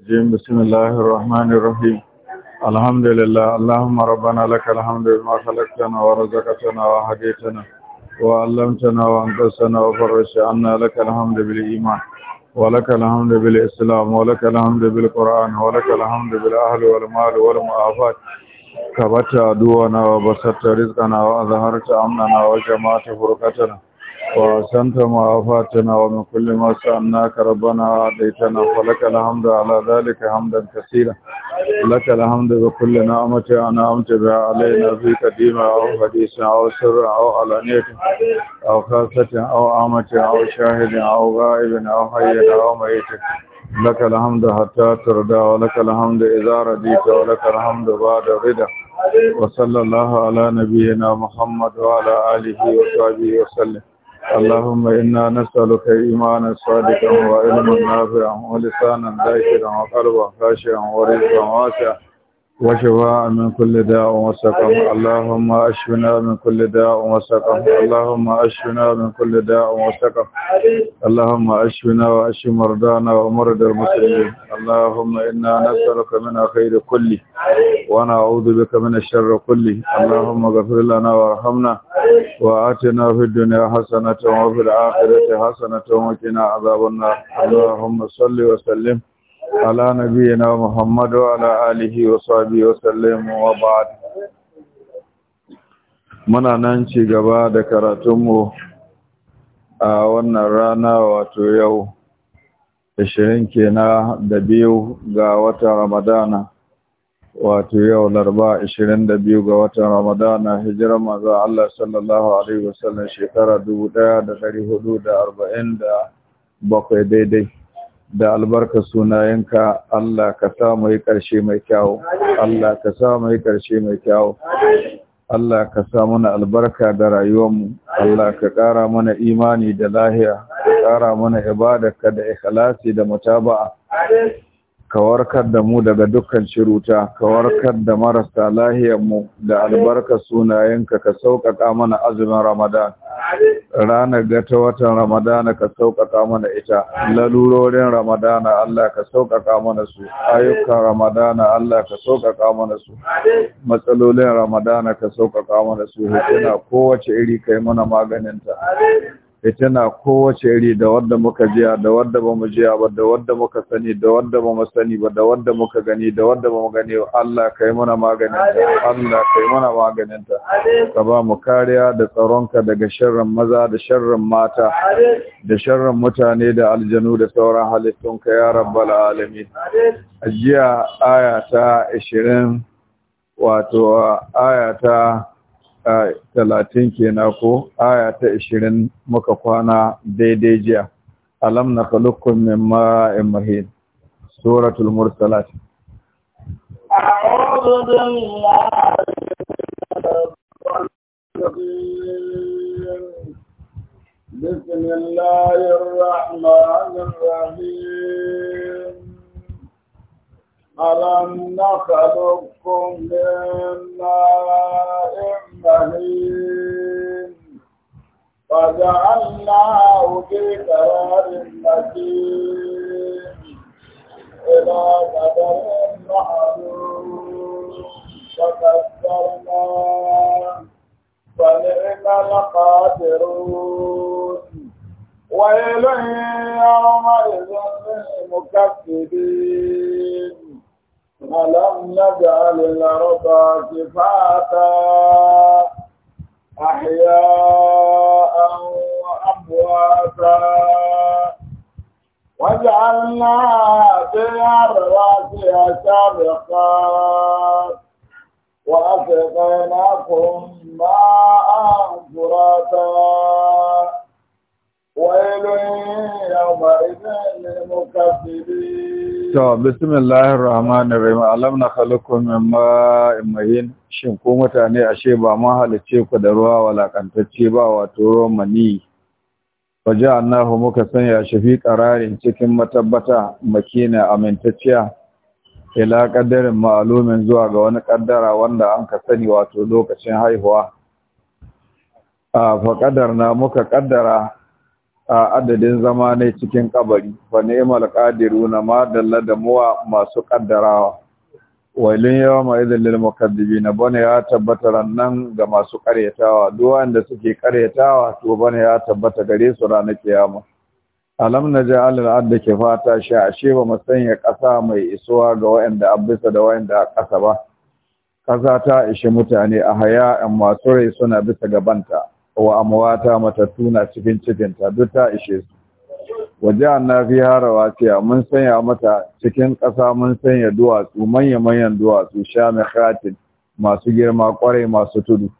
الرجيم بسم الله الرحمن الرحيم الحمد لله اللهم ربنا لك الحمد بما خلقتنا ورزقتنا وهديتنا وعلمتنا وانقذتنا وفرجت عنا لك الحمد بالإيمان ولك الحمد بالإسلام ولك الحمد بالقرآن ولك الحمد بالأهل والمال والمعافات كبت عدونا وبسطت رزقنا وأظهرت أمننا وجمعت فرقتنا ورسنت ما أفاتنا ومن كل ما سألناك ربنا عديتنا ولك الحمد على ذلك حمدا كثيرا لك الحمد بكل نعمة أنعمت بها علينا في قديمة أو حديث أو سر أو علانية أو خاصة أو عامة أو شاهد أو غائب أو حي أو ميت لك الحمد حتى ترضى ولك الحمد إذا رضيت ولك الحمد بعد الرضا وصلى الله على نبينا محمد وعلى آله وصحبه وسلم اللهم إنا نسألك إيمانا صادقا وعلما نافعا ولسانا ذاكرا وقلبا خاشعا ورزقا واسعا وشفاء من كل داء وسقم اللهم اشفنا من كل داء وسقم اللهم اشفنا من كل داء وسقم اللهم اشفنا واشف مرضانا ومرضى المسلمين اللهم انا نسالك من الخير كله ونعوذ بك من الشر كله اللهم اغفر لنا وارحمنا واتنا في الدنيا حسنه وفي الاخره حسنه وقنا عذاب النار اللهم صل وسلم على نبينا محمد وعلى آله وصحبه وسلم وبعد muna nan ci gaba da karatunmu a wannan rana wato yau 20 kenan da biyu ga watan ramadana wato yau larba 22 ga watan ramadana hijirar maza Allah sallallahu alaihi wasallam shekara 1447 daidai da albarka sunayenka Allah ka sa mu yi ƙarshe mai kyawu Allah ka sa mu yi ƙarshe mai kyawu Allah ka sa mana albarka da rayuwar mu, Allah ka ƙara mana imani da lahiya ka ƙara mana ibadarka da ikhlasi da mutaba'a ka warkar da mu daga dukkan ciruta ka warkar da marasa lahiyarmu da albarka sunayenka ka sauƙaƙa mana azumin ramadan ranar ga ta watan ramadana ka sauƙaƙa mana ita lalurorin ramadana Allah ka sauƙaƙa mana su ayyukan ramadana Allah ka sauƙaƙa mana su matsalolin ramadana ka sauƙaƙa mana su hukuna kowace iri kai mana maganinta na kowace iri da wadda muka jiya da wadda ba mu jiya ba da wadda muka sani da wadda ba mu sani ba da wadda muka gani da wadda ba mu gani ba Allah kai mana maganinta Allah kai mana maganinta ka ba mu kariya da tsaronka daga sharrin maza da sharrin mata da sharrin mutane da aljanu da sauran halittunka ya rabbal alamin ajiya aya ta 20 wato aya ta 30 kenan ko aya ta 20 muka kwana daidai jiya alam na kalukun min ma'in mahin suratul mursalat أعوذ بسم الله الرحمن الرحيم ألم نخلقكم من ماء مهين فجعلناه في قرار مكين إلى قدر معلوم فقدرنا فنعم القادرون ويل يومئذ للمكذبين ألم نجعل الأرض كفاتا أحياء وأمواتا وجعلنا في رواسي شرقا وأسقيناكم ماء فراتا ويل يومئذ للمكذبين to bismillahir rahmanir rahim alam na khalaqukum min ma'in mahin shin ko mutane ashe ba ma halice ku da ruwa walakantacce ba wato romani waje annahu muka sanya shafi qararin cikin matabbata makina amintacciya ila qadarin ma'lumin zuwa ga wani kaddara wanda an ka sani wato lokacin haihuwa a fa na muka kaddara A adadin zama ne cikin kabari ba ni'mal qadiruna ma dalla da muwa masu kaddarawa wailun yawma idhil lil mukaddibina bane ya tabbata rannan ga masu karyatawa duwa da suke karyatawa to bane ya tabbata gare su ranar kiyama alam naj'al al ke fata sha ashe ba ya kasa mai isuwa ga wayanda abisa da a kasa ba Ƙasa ta ishi mutane a haya masu rai suna bisa gabanta wa amwata matattu na cikin cikinta duk ta ishe su Waje na fi harawa ce, mun sanya mata cikin ƙasa mun sanya duwatsu manya-manyan duwatsu sha khatin masu girma kwarai masu tudu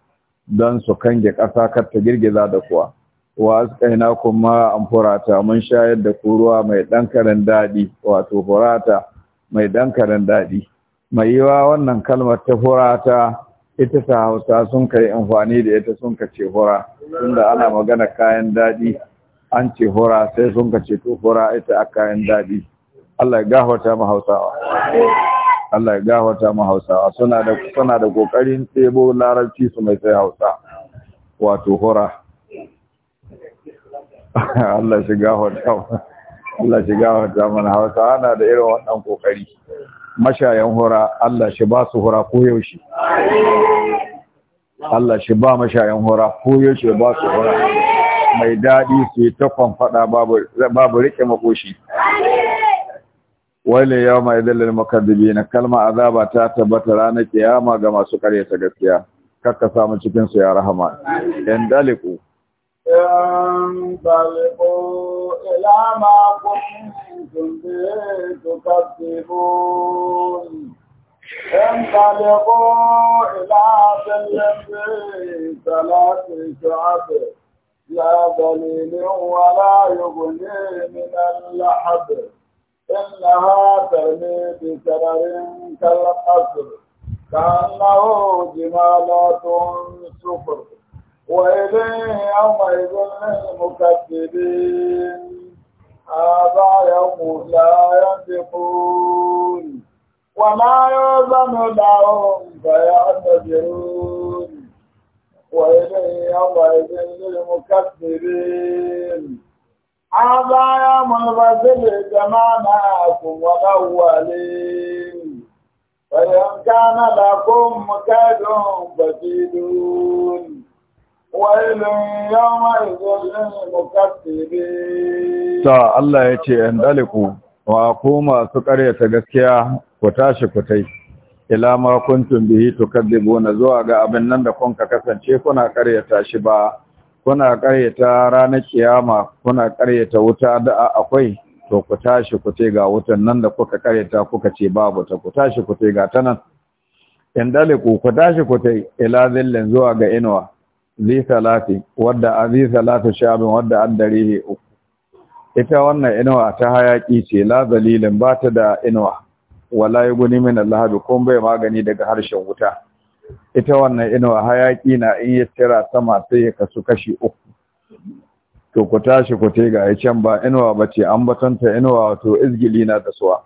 don su kange ƙasa kar ta girgiza da kuwa wa ina kuma an furata mun shayar da ku ruwa mai ɗankarin daɗi wato furata mai ɗankarin daɗi mai yiwa wannan kalmar ta furata ita ta hausa sun kai amfani da ita sun ka ce hura tunda ana magana kayan daɗi an ce hura sai sun ce to hura ita a kayan daɗi Allah ya gafarta mu hausawa Allah ya gafarta mu hausawa suna da suna da kokarin tsebo larabci su mai sai hausa wato hura Allah ya gafarta Allah shi gafarta mana hausawa na da irin wannan kokari mashayan hura Allah shi ba su hura ko yaushe Allah shi ba mashayan hura ko yaushe ba su hura mai daɗi su yi ta kwamfada babu riƙe makoshi wale yau mai dalil makadabi na kalma azaba ta tabbata ranar kiyama ga masu karyata gaskiya kakka samu cikinsu ya rahama yan daliku انطلقوا إلى ما كنتم به تكذبون انطلقوا إلى ظل ثلاث شعب لا ظليل ولا يغني من اللحد إنها ترمي بشرر كالقصر كأنه جمالات صفر وإليه يومئذ للمكذبين هذا يوم لا ينطقون وما يؤذن لهم فيعتذرون وإليه يومئذ للمكذبين هذا يوم الرجل جمعناكم والأولين فإن كان لكم كيد فكيدون Ta Allah ya ce 'Yan الله wa اندلقوا وقوما سقريه gaskiya ku tashi ku tai ila ma to bihi tukadzibuna zuwa ga abin nan da kun ka kasance kuna karyata shi ba kuna karyata ranar kiyama kuna karyata wuta da akwai to ku tashi ku tai ga wutan nan da kuka karyata kuka ce babu ta ku tashi ku tai ga tanan 'Yan daliku ku tashi ku tai ila zillin zuwa ga inuwa Zai salati wadda zi salatu shabin wadda an dare uku ita wannan inuwa ta hayaki ce la zalilin ba ta da inuwa wala yi guni min Allah bi bai magani daga harshen wuta ita wannan inuwa hayaki na in ya tira sama sai ya kasu kashi uku to ku tashi ku te ga can ba inuwa bace an batanta inuwa wato izgili na da suwa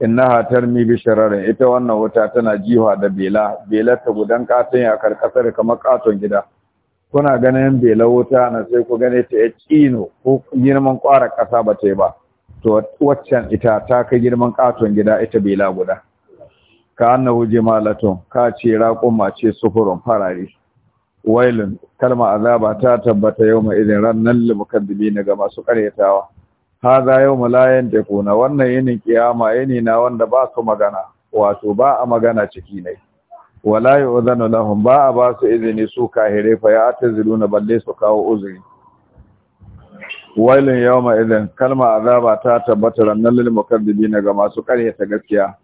innaha tarmi bi shararin ita wannan wuta tana jiwa da bela bela ta gudan katon ya karkasar kamar katon gida kuna ganin bela wuta na sai ku gane ta ya ƙino ko girman ƙwarar ƙasa ba ta yi ba to waccan ita ta kai girman ƙaton gida ita bela guda ka annahu jimalatun ka ce raƙuma ce sufurin farare wailun kalma azaba ta tabbata yau mai irin rannan limukaddibi na ga masu ƙaryatawa haza yau malayan na wannan yinin kiyama yini na wanda ba su magana wato ba a magana ciki ne wala yu'zanu lahum ba a ba su izini su kahire fa ya balle su kawo uzuri wailin yawma idan kalma azaba ta tabbata ranan lil mukaddibin ga masu ta gaskiya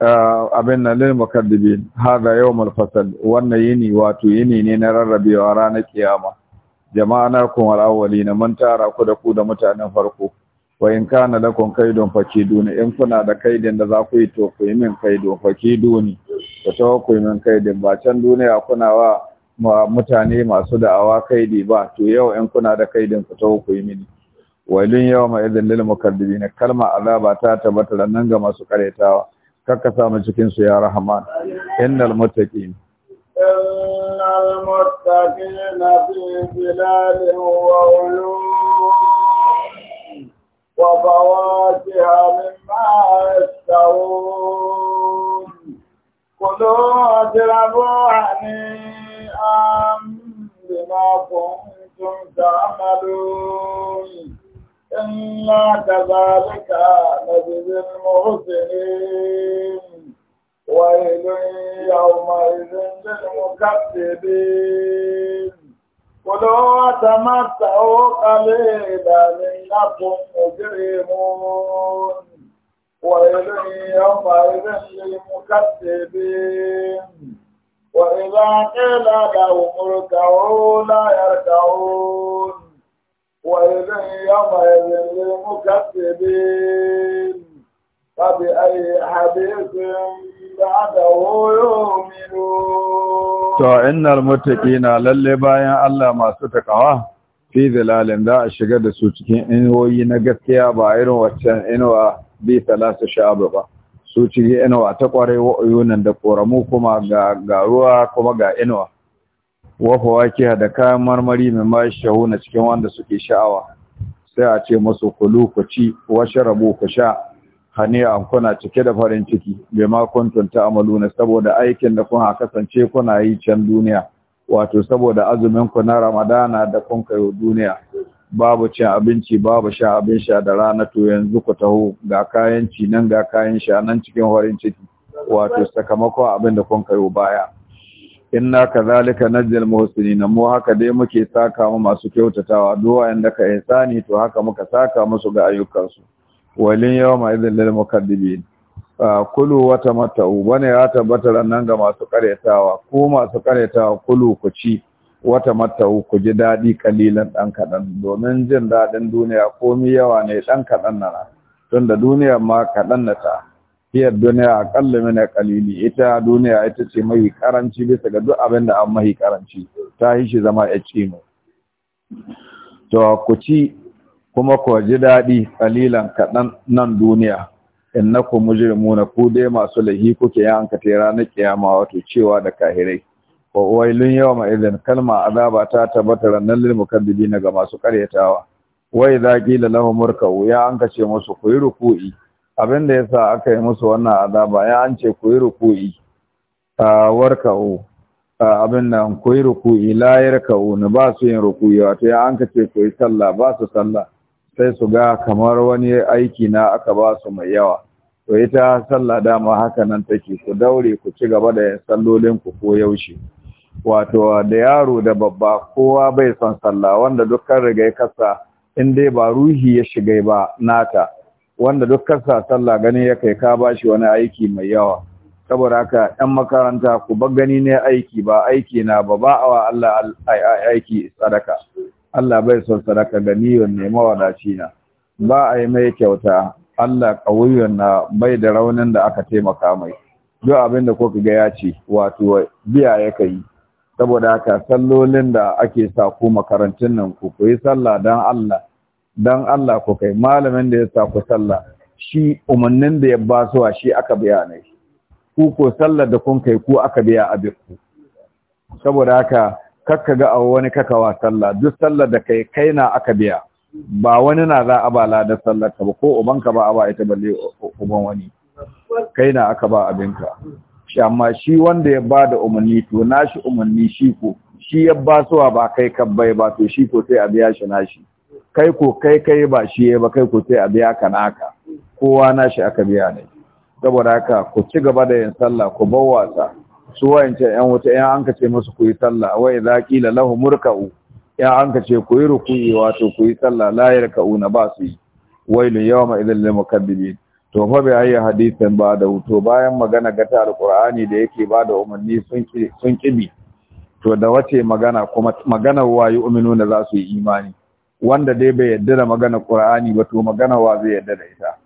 ah, abin nan lil mukaddibin hada yawmul fasal wannan yini wato yini ne na rarrabewa ranar kiyama jama'a kun wal awwalina mun tara ku da ku da mutanen farko wa in kana lakum kaidun fakiduni in kuna da kaidin da za ku yi to ku yi min kaido fakiduni ku tawo ku yi min kaidin ba can duniya kuna wa mutane masu da'awa kaidi ba to yau in kuna da kaidin ku tawo ku yi mini wailun yau ma idan lil mukaddibin kalma azaba ta tabbata nan ga masu karetawa kakka mu cikin su ya rahman innal muttaqin innal muttaqin fi zilalin wa ulum وفواكه مما يشتهون كلوا واشربوا هنيئا بما كنتم تعملون إنا كذلك نجزي المحسنين ويل يومئذ للمكذبين كلوا وتمتعوا قليلا إنكم مجرمون ويل يومئذ للمكذبين وإذا قيل لهم اركعوا لا يركعون ويل يومئذ للمكذبين فبأي حديث بعده يؤمنون تو إن المتقين للي bayan الله ما takawa fi zalalin za a shiga da su cikin inuwoyi na gaskiya ba irin waccan inuwa bi talata sha'abu ba su cikin inuwa ta kwarai wa'uyunan da koramu kuma ga garuwa kuma ga inuwa wafa wake da kayan marmari mai ma na cikin wanda suke sha'awa sai a ce masu kulu ku ci washe rabu ku sha hane an kuna cike da farin ciki bai ma kuntun ta amalu na saboda aikin da kuna kasance kuna yi can duniya wato saboda azumin ku na ramadana da kun duniya babu cin abinci babu sha abin sha da rana to yanzu ku taho ga kayan ci nan ga kayan sha nan cikin horin ciki wato sakamakon abin da kun kai baya inna kadhalika najjal muhsinin mu haka dai muke saka mu masu kyautatawa duwa inda ka ihsani to haka muka saka musu ga ayyukansu walin yawma idhil lil mukaddibin kulu wata mata'u bane ya tabbatar nan ga masu karyatawa ko masu karyatawa kulu ku ci wata mata ku ji daɗi kalilan ɗan kaɗan domin jin daɗin duniya komi yawa ne ɗan kaɗan nana. tun da duniya ma kaɗan na ta fiye duniya aƙalla mina kalili ita duniya ita ce mahi karanci bisa ga duk abin da an mahi karanci ta yi shi zama ya ce mu to ku ci kuma ku ji daɗi kalilan kaɗan nan duniya innakum mujrimuna ku dai masu lahi kuke yanka te ranar kiyama wato cewa da kahirai wa wailun yawma idan kalma azaba ta tabbata ranar lil mukaddibina ga masu karyatawa wa idza qila lahum murka'u ya an kace musu ku yi ruku'i da yasa aka yi musu wannan azaba ya an ce ku yi ruku'i a warka'u abin nan ku yi ruku'i la yarka'u ba su yin ruku'i wato ya an kace ku yi sallah ba su sallah sai su ga kamar wani aiki na aka ba su mai yawa to ita sallah dama haka nan take ku daure ku ci gaba da sallolin ku ko yaushe wato da yaro da babba kowa bai son sallah wanda dukkan rigai kasa in dai ba ruhi ya shigai ba nata wanda dukkan sa sallah gani ya kai ka bashi wani aiki mai yawa saboda haka ɗan makaranta ku bar gani ne aiki ba aiki na ba ba wa Allah aiki sadaka Allah bai son sadaka ganiyun ne mawadaci na ba a yi mai kyauta Allah ƙauyen na bai da raunin da aka taimaka mai duk abin da kuka ga ya ce wato biya ya kai saboda haka sallolin da ake sa ku makarantun nan ku ku yi sallah don Allah don Allah ku kai malamin da ya sa ku sallah shi umarnin da ya ba su shi aka biya ne ku ko sallar da kun kai ku aka biya abin ku saboda haka kakka ga a wani kakawa sallah duk sallar da kai kai na aka biya ba wani na za a ba ladar sallar ka ba ko ubanka ba a ba ita balle uban wani kai na aka ba abinka shi amma shi wanda ya ba da umarni to nashi umarni shi ko shi ya ba suwa ba kai bai ba to shi ko sai a biya shi nashi kai ko kai kai ba shi ya ba kai ko sai a biya ka naka kowa nashi aka biya ne saboda haka ku ci gaba da yin sallah ku bawa wasa su wayance yan wuta ƴan an kace musu ku yi sallah wa idza qila lahu murka'u yan an kace ku yi ruku'i wato ku yi sallah la na ba su yi wailu yawma idhil lil mukaddibin to fa bi ayi hadithin ba da to bayan magana gata ta alqur'ani da yake ba da umarni sun sun kibi to da wace magana kuma magana wa na za su yi imani wanda dai bai yarda da magana qur'ani ba to magana wa zai yarda da ita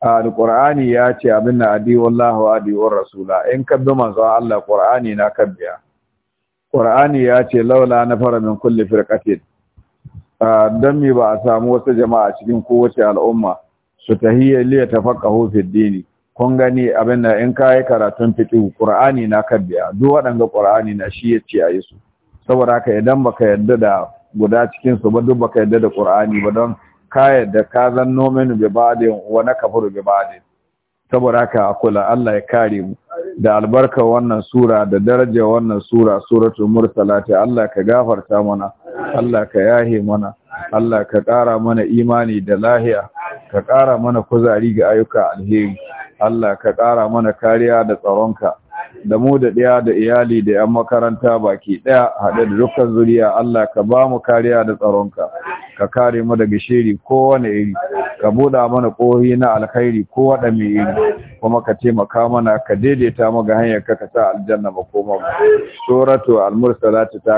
alƙur'ani ya ce abin na adi wallahu adi rasula in kabbi manzo Allah ƙur'ani na kabbiya Ƙur'ani ya ce laula na fara min kulle firqatin don mi ba a samu wasu jama'a cikin kowace al'umma su ta liya ta faƙa fi dini kun gani abin da in kayi karatun fiƙi ƙur'ani na kabbiya duk waɗanda ƙur'ani na shi yace yi su saboda haka idan baka yadda da guda cikin su ba duk baka yadda da ƙur'ani ba don ka da ka zan nominu bi ba'din wa na kafuru bi ba'din saboda haka akula Allah ya kare mu da albarka wannan sura da daraja wannan sura suratul mursalati Allah ka gafarta mana Allah ka yahe mana Allah ka ƙara mana imani da lahiya ka ƙara mana kuzari ga ayyuka alheri Allah ka ƙara mana kariya da tsaronka da mu da ɗaya da iyali da 'yan makaranta baki ɗaya haɗe da dukkan zuriya Allah ka ba mu kariya da tsaronka ka kare mu daga shiri kowane iri ka buɗa mana ƙohi na alkhairi ko waɗa iri kuma ka taimaka mana ka daidaita mu ga hanyar ka ka sa aljanna makoma mu suratu al-mursalati ta